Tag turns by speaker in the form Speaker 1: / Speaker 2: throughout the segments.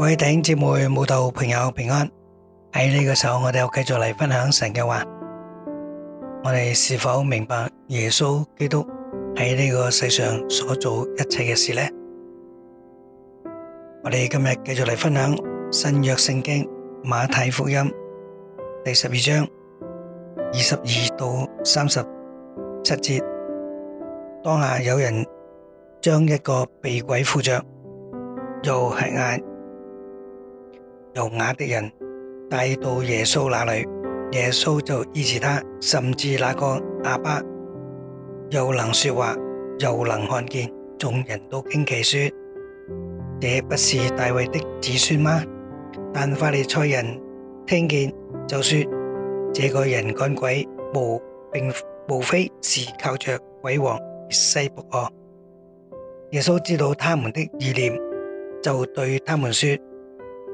Speaker 1: 各位弟兄姊妹，慕道朋友平安。喺呢個時候，我哋又繼續嚟分享神嘅話。我哋是否明白耶穌基督喺呢個世上所做一切嘅事呢？我哋今日繼續嚟分享新約聖經馬太福音第十二章二十二到三十七節。當下有人將一個被鬼附着又吃眼。又啞的人帶到耶穌那裏，耶穌就醫治他。甚至那個啞巴又能說話，又能看見。眾人都驚奇說：這不是大衛的子孫嗎？但法利賽人聽見，就說：這個人趕鬼，無並無非是靠着鬼王別西卜啊。耶穌知道他們的意念，就對他們說。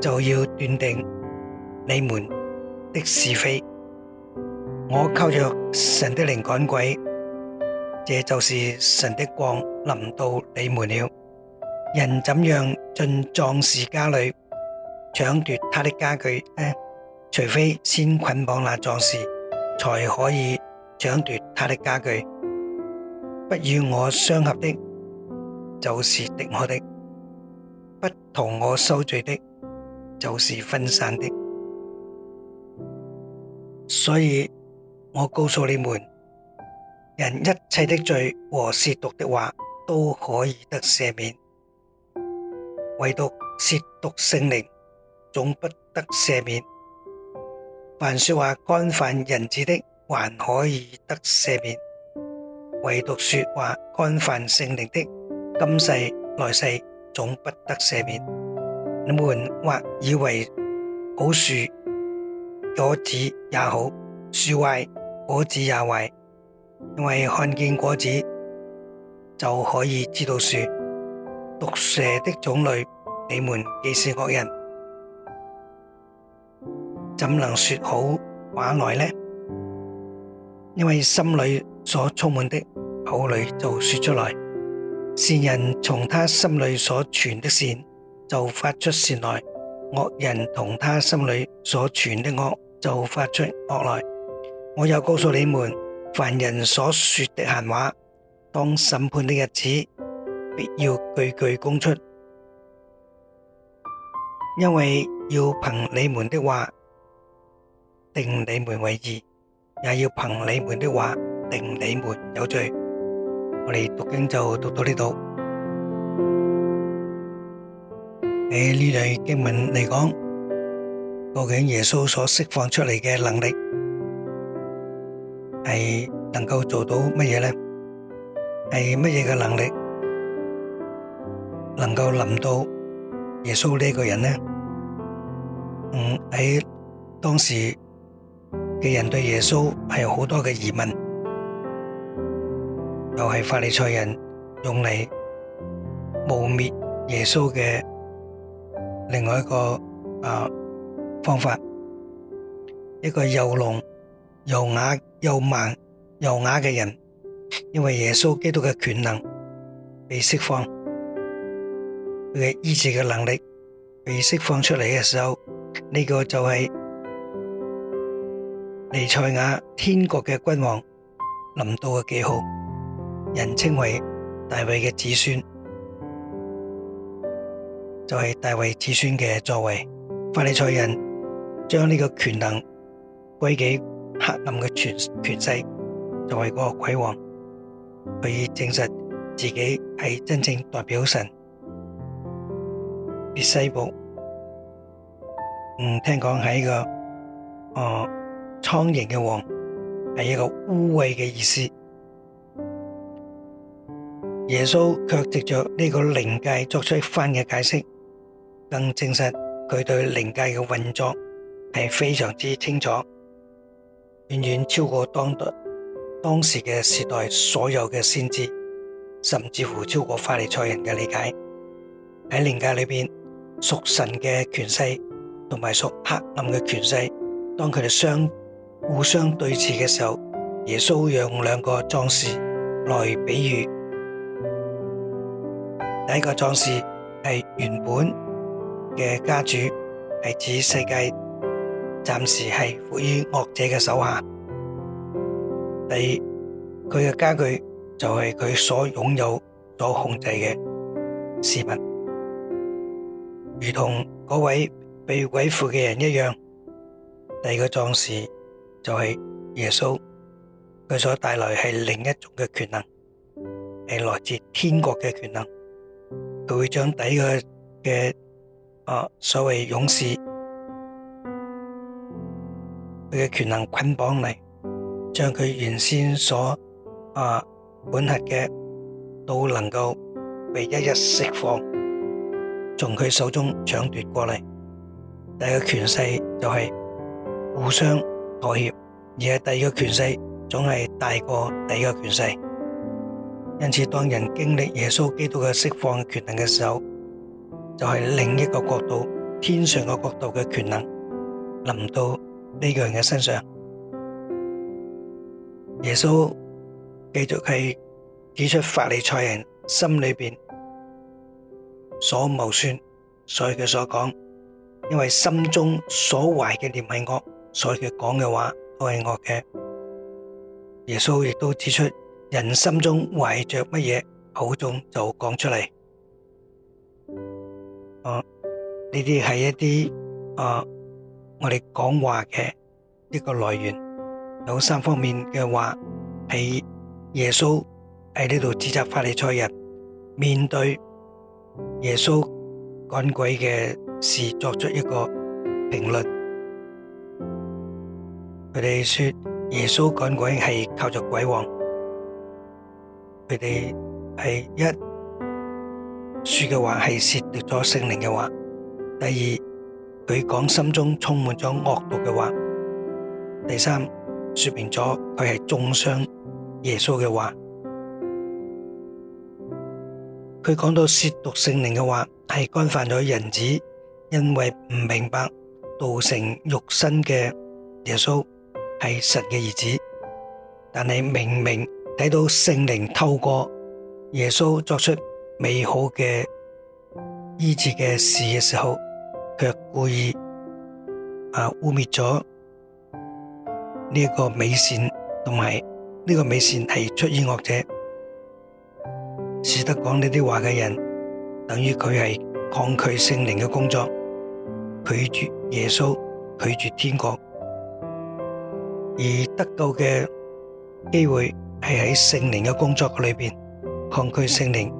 Speaker 1: 就要斷定你們的是非。我靠着神的靈趕鬼，這就是神的光臨到你們了。人怎樣進壯士家裏搶奪他的家具呢？除非先捆綁那壯士，才可以搶奪他的家具。不與我相合的，就是敵我的；不同我受罪的。就是分散的，所以我告訴你們：人一切的罪和褻瀆的話都可以得赦免，唯獨褻瀆聖靈總不得赦免。凡說話干犯人子的，還可以得赦免，唯獨說話干犯聖靈的，今世來世總不得赦免。你們或以為好樹，果子也好，樹壞，果子也壞，因為看見果子就可以知道樹。毒蛇的種類，你們既是惡人，怎能說好話來呢？因為心裡所充滿的好，口裡就說出來，善人從他心裡所存的善，就發出善來，惡人同他心裏所存的惡就發出惡來。我又告訴你們，凡人所說的閒話，當審判的日子，必要句句供出，因為要憑你們的話定你們為義，也要憑你們的話定你們有罪。我哋讀經就讀到呢度。喺呢類經文嚟講，究竟耶穌所釋放出嚟嘅能力係能夠做到乜嘢呢？係乜嘢嘅能力能夠臨到耶穌呢個人呢？嗯，喺當時嘅人對耶穌係好多嘅疑問，就係法利賽人用嚟污蔑耶穌嘅。另外一個啊方法，一個又聾又啞又盲又啞嘅人，因為耶穌基督嘅權能被釋放，佢醫治嘅能力被釋放出嚟嘅時候，呢、這個就是尼賽亞天國嘅君王臨到嘅記號，人稱為大衛嘅子孫。就係大衛子孫嘅作為，法利賽人將呢個權能歸己，黑暗嘅權權勢，作為嗰個鬼王，可以證實自己係真正代表神。別西卜，嗯，聽講係一個，誒，蒼蠅嘅王，係一個污穢嘅意思。耶穌卻藉着呢個靈界作出一番嘅解釋。更證實佢對靈界嘅運作係非常之清楚，遠遠超過當當時嘅時代所有嘅先知，甚至乎超過法利賽人嘅理解。喺靈界裏邊，屬神嘅權勢同埋屬黑暗嘅權勢，當佢哋相互相對峙嘅時候，耶穌用兩個壯士來比喻。第一個壯士係原本。嘅家主係指世界暫時係服於惡者嘅手下。第二，佢嘅家具就係佢所擁有所控制嘅事物，如同嗰位被鬼附嘅人一樣。第二個壯士就係耶穌，佢所帶來係另一種嘅權能，係來自天國嘅權能。佢會將第二個嘅。啊！所謂勇士佢嘅權能捆綁嚟，將佢原先所啊管轄嘅都能夠被一一釋放，從佢手中搶奪過嚟。第二個權勢就係互相妥協，而係第二個權勢總係大過第二個權勢。因此，當人經歷耶穌基督嘅釋放權能嘅時候。就係另一個角度，天上嘅角度嘅權能臨到呢個人嘅身上。耶穌繼續係指出法利賽人心裏面所謀算，所以佢所講，因為心中所懷嘅念係惡，所以佢講嘅話都係惡嘅。耶穌亦都指出人心中懷着乜嘢，口中，就講出嚟。誒，呢啲係一啲、啊、我哋講話嘅一個來源，有三方面嘅話係耶穌喺呢度指責法利賽人面對耶穌趕鬼嘅事作出一個評論，佢哋說耶穌趕鬼係靠着鬼王，佢哋係一。書嘅話係褻瀆咗聖靈嘅話，第二佢講心中充滿咗惡毒嘅話，第三說明咗佢係中傷耶穌嘅話。佢講到褻瀆聖靈嘅話係干犯咗人子，因為唔明白道成肉身嘅耶穌係神嘅兒子，但係明明睇到聖靈透過耶穌作出美好的醫治的事的時候，卻故意啊污衊咗呢個美善，同埋呢個美善係出於惡者，使得講呢啲話嘅人，等於佢係抗拒聖靈嘅工作，拒絕耶穌，拒絕天國，而得到嘅機會係喺聖靈嘅工作裏邊抗拒聖靈。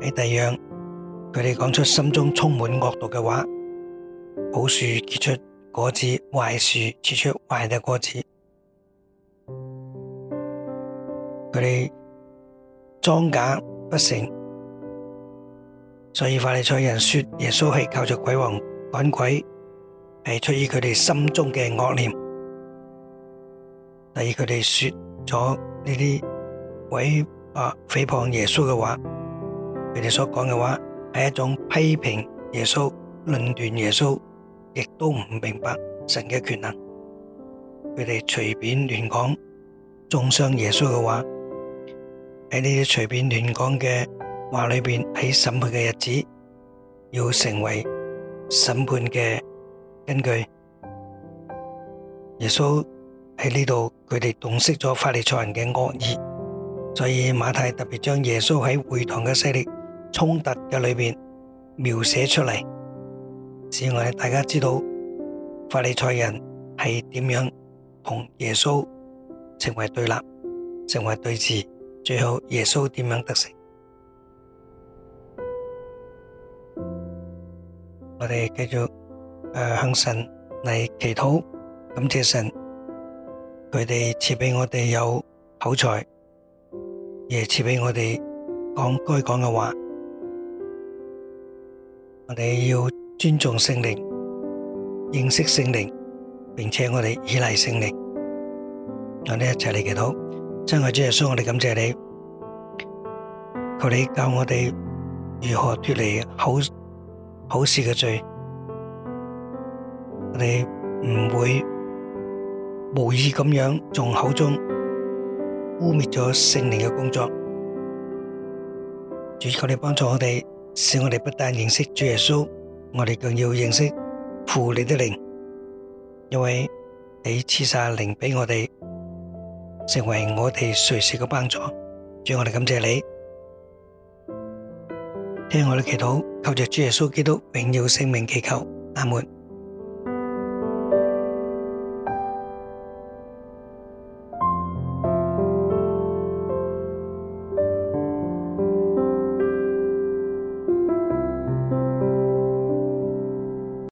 Speaker 1: 喺第二樣，佢哋講出心中充滿惡毒嘅話，好樹結出果子，壞樹結出壞嘅果子，佢哋裝假不成，所以法利賽人說耶穌係靠著鬼王趕鬼，係出於佢哋心中嘅惡念。第二佢哋說咗呢啲毀啊誹謗耶穌嘅話。佢哋所講嘅話係一種批評耶穌、論斷耶穌，亦都唔明白神嘅權能。佢哋隨便亂講，中傷耶穌嘅話，喺呢啲隨便亂講嘅話裏邊，喺審判嘅日子要成為審判嘅根據。耶穌喺呢度，佢哋洞悉咗法利賽人嘅惡意，所以馬太特別將耶穌喺會堂嘅勢力。衝突嘅裏面描寫出嚟，使我哋大家知道法利賽人係點樣同耶穌成為對立、成為對峙，最後耶穌點樣得勝。我哋繼續誒向神嚟祈禱，感謝神，佢哋賜俾我哋有口才，亦賜俾我哋講該講嘅話。我哋要尊重聖靈，認識聖靈，並且我哋依賴聖靈。我哋一齊嚟祈禱，親愛的主耶穌，我哋感謝你，求你教我哋如何脫離好好事嘅罪，我哋唔會無意咁樣從口中污衊咗聖靈嘅工作。主，求你幫助我哋。使我哋不但認識主耶穌，我哋更要認識父你的靈，因為你賜晒靈俾我哋，成為我哋隨時嘅幫助。主，我哋感謝你，聽我哋祈禱，靠着主耶穌基督榮耀聖名祈求，阿門。